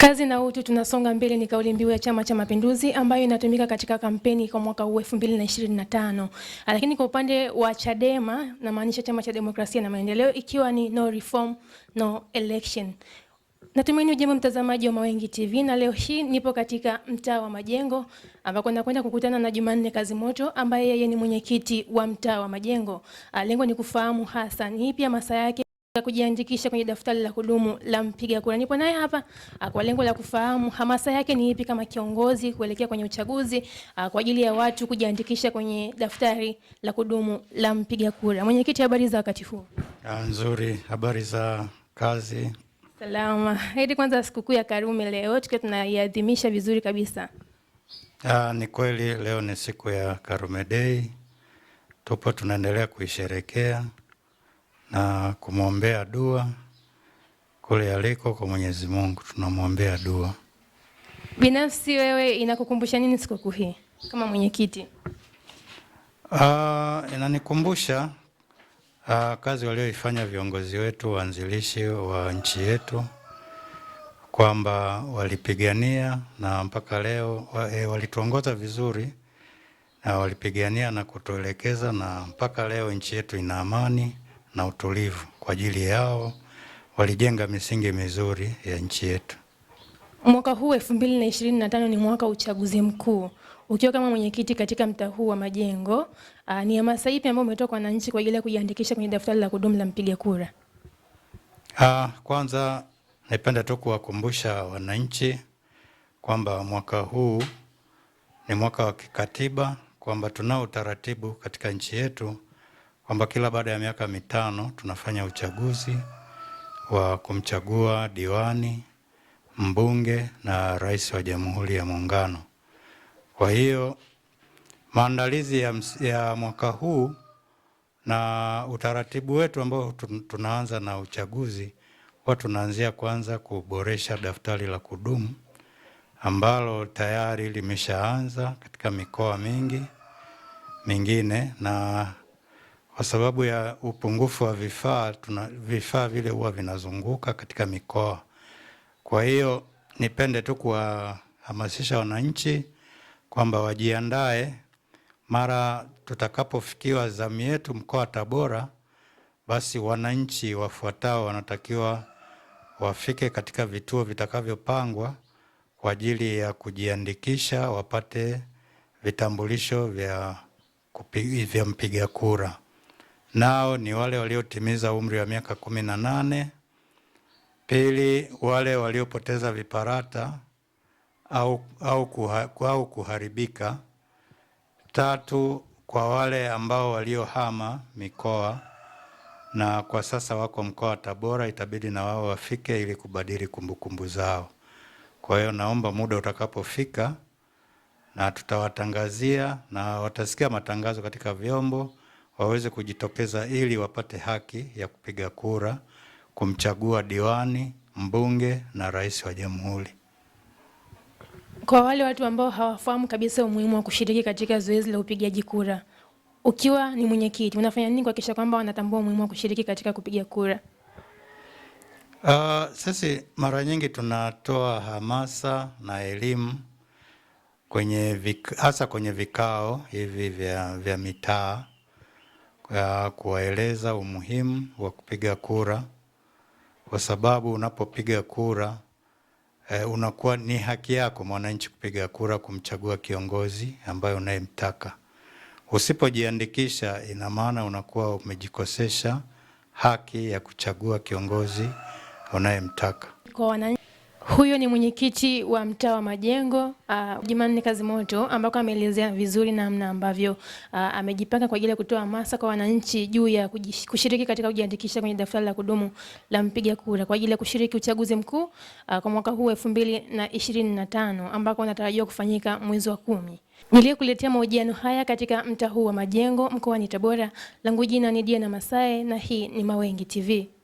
Kazi na utu tunasonga mbele ni kauli mbiu ya Chama cha Mapinduzi ambayo inatumika katika kampeni kwa mwaka huu 2025. Lakini kwa upande wa Chadema na maanisha Chama cha Demokrasia na Maendeleo ikiwa ni no reform, no election. Natumaini ujambo mtazamaji wa Mawengi TV na leo hii nipo katika mtaa wa Majengo ambako nakwenda kukutana na Jumanne Kazimoto ambaye yeye ni mwenyekiti wa mtaa wa Majengo. Ah, lengo ni kufahamu hasa ni ipi masaa yake kujiandikisha kwenye daftari la kudumu la mpiga kura. Nipo naye hapa ah, kwa lengo la kufahamu hamasa yake ni ipi kama kiongozi kuelekea kwenye uchaguzi ah, kwa ajili ya watu kujiandikisha kwenye daftari la kudumu la mpiga kura. Mwenyekiti, habari za wakati huu? Ah, nzuri. Habari za kazi? Salama. Heri kwanza sikukuu ya Karume leo tukiwa tunaiadhimisha vizuri kabisa. Aa, ni kweli leo ni siku ya Karume Day, tupo tunaendelea kuisherekea na kumwombea dua kule aliko kwa Mwenyezi Mungu, tunamwombea dua. Binafsi wewe inakukumbusha nini sikukuu hii kama mwenyekiti? Uh, inanikumbusha uh, kazi walioifanya viongozi wetu waanzilishi wa nchi yetu kwamba walipigania na mpaka leo wa, e, walituongoza vizuri na walipigania na kutuelekeza na mpaka leo nchi yetu ina amani na utulivu. Kwa ajili yao walijenga misingi mizuri ya nchi yetu. Mwaka huu 2025 ni mwaka wa uchaguzi mkuu. Ukiwa kama mwenyekiti katika mtaa huu wa Majengo, ah, ni hamasa ipi ambayo umetoa kwa wananchi kwa ajili ya kujiandikisha kwenye daftari la kudumu la mpiga kura? Ah, kwanza napenda tu kuwakumbusha wananchi kwamba mwaka huu ni mwaka wa kikatiba, kwamba tunao utaratibu katika nchi yetu kwamba kila baada ya miaka mitano tunafanya uchaguzi wa kumchagua diwani, mbunge na rais wa Jamhuri ya Muungano. Kwa hiyo maandalizi ya, ya mwaka huu na utaratibu wetu ambao tunaanza na uchaguzi huwa tunaanzia kwanza kuboresha daftari la kudumu ambalo tayari limeshaanza katika mikoa mingi mingine na kwa sababu ya upungufu wa vifaa, tuna vifaa vile huwa vinazunguka katika mikoa. Kwa hiyo nipende tu kuwahamasisha wananchi kwamba wajiandae, mara tutakapofikiwa zamu yetu mkoa wa Tabora, basi wananchi wafuatao wanatakiwa wafike katika vituo vitakavyopangwa kwa ajili ya kujiandikisha, wapate vitambulisho vya vya mpiga kura nao ni wale waliotimiza umri wa miaka kumi na nane. Pili, wale waliopoteza viparata au, au, kuha, au kuharibika. Tatu, kwa wale ambao waliohama mikoa na kwa sasa wako mkoa wa Tabora, itabidi na wao wafike ili kubadili kumbukumbu zao. Kwa hiyo naomba muda utakapofika, na tutawatangazia na watasikia matangazo katika vyombo waweze kujitokeza ili wapate haki ya kupiga kura kumchagua diwani, mbunge na rais wa jamhuri. Kwa wale watu ambao hawafahamu kabisa umuhimu wa kushiriki katika zoezi la upigaji kura, ukiwa ni mwenyekiti, unafanya nini kuhakikisha kwamba wanatambua umuhimu wa kushiriki katika kupiga kura? Uh, sisi mara nyingi tunatoa hamasa na elimu kwenye hasa kwenye vikao hivi vya, vya mitaa ya kuwaeleza umuhimu wa kupiga kura, kwa sababu unapopiga kura e, unakuwa ni haki yako mwananchi kupiga kura kumchagua kiongozi ambaye unayemtaka. Usipojiandikisha, ina maana unakuwa umejikosesha haki ya kuchagua kiongozi unayemtaka huyo ni mwenyekiti wa mtaa wa Majengo uh, Jumanne Kazimoto ambako ameelezea vizuri namna ambavyo uh, amejipanga kwa ajili ya kutoa hamasa kwa wananchi juu ya kushiriki katika kujiandikisha kwenye daftari la kudumu la mpiga kura kwa ajili ya kushiriki uchaguzi mkuu uh, kwa mwaka huu elfu mbili na ishirini na tano ambako unatarajiwa kufanyika mwezi wa kumi. Niliyekuletea mahojiano haya katika mtaa huu wa Majengo mkoani Tabora, langu jina ni Diana Masae na hii ni Mawengi TV.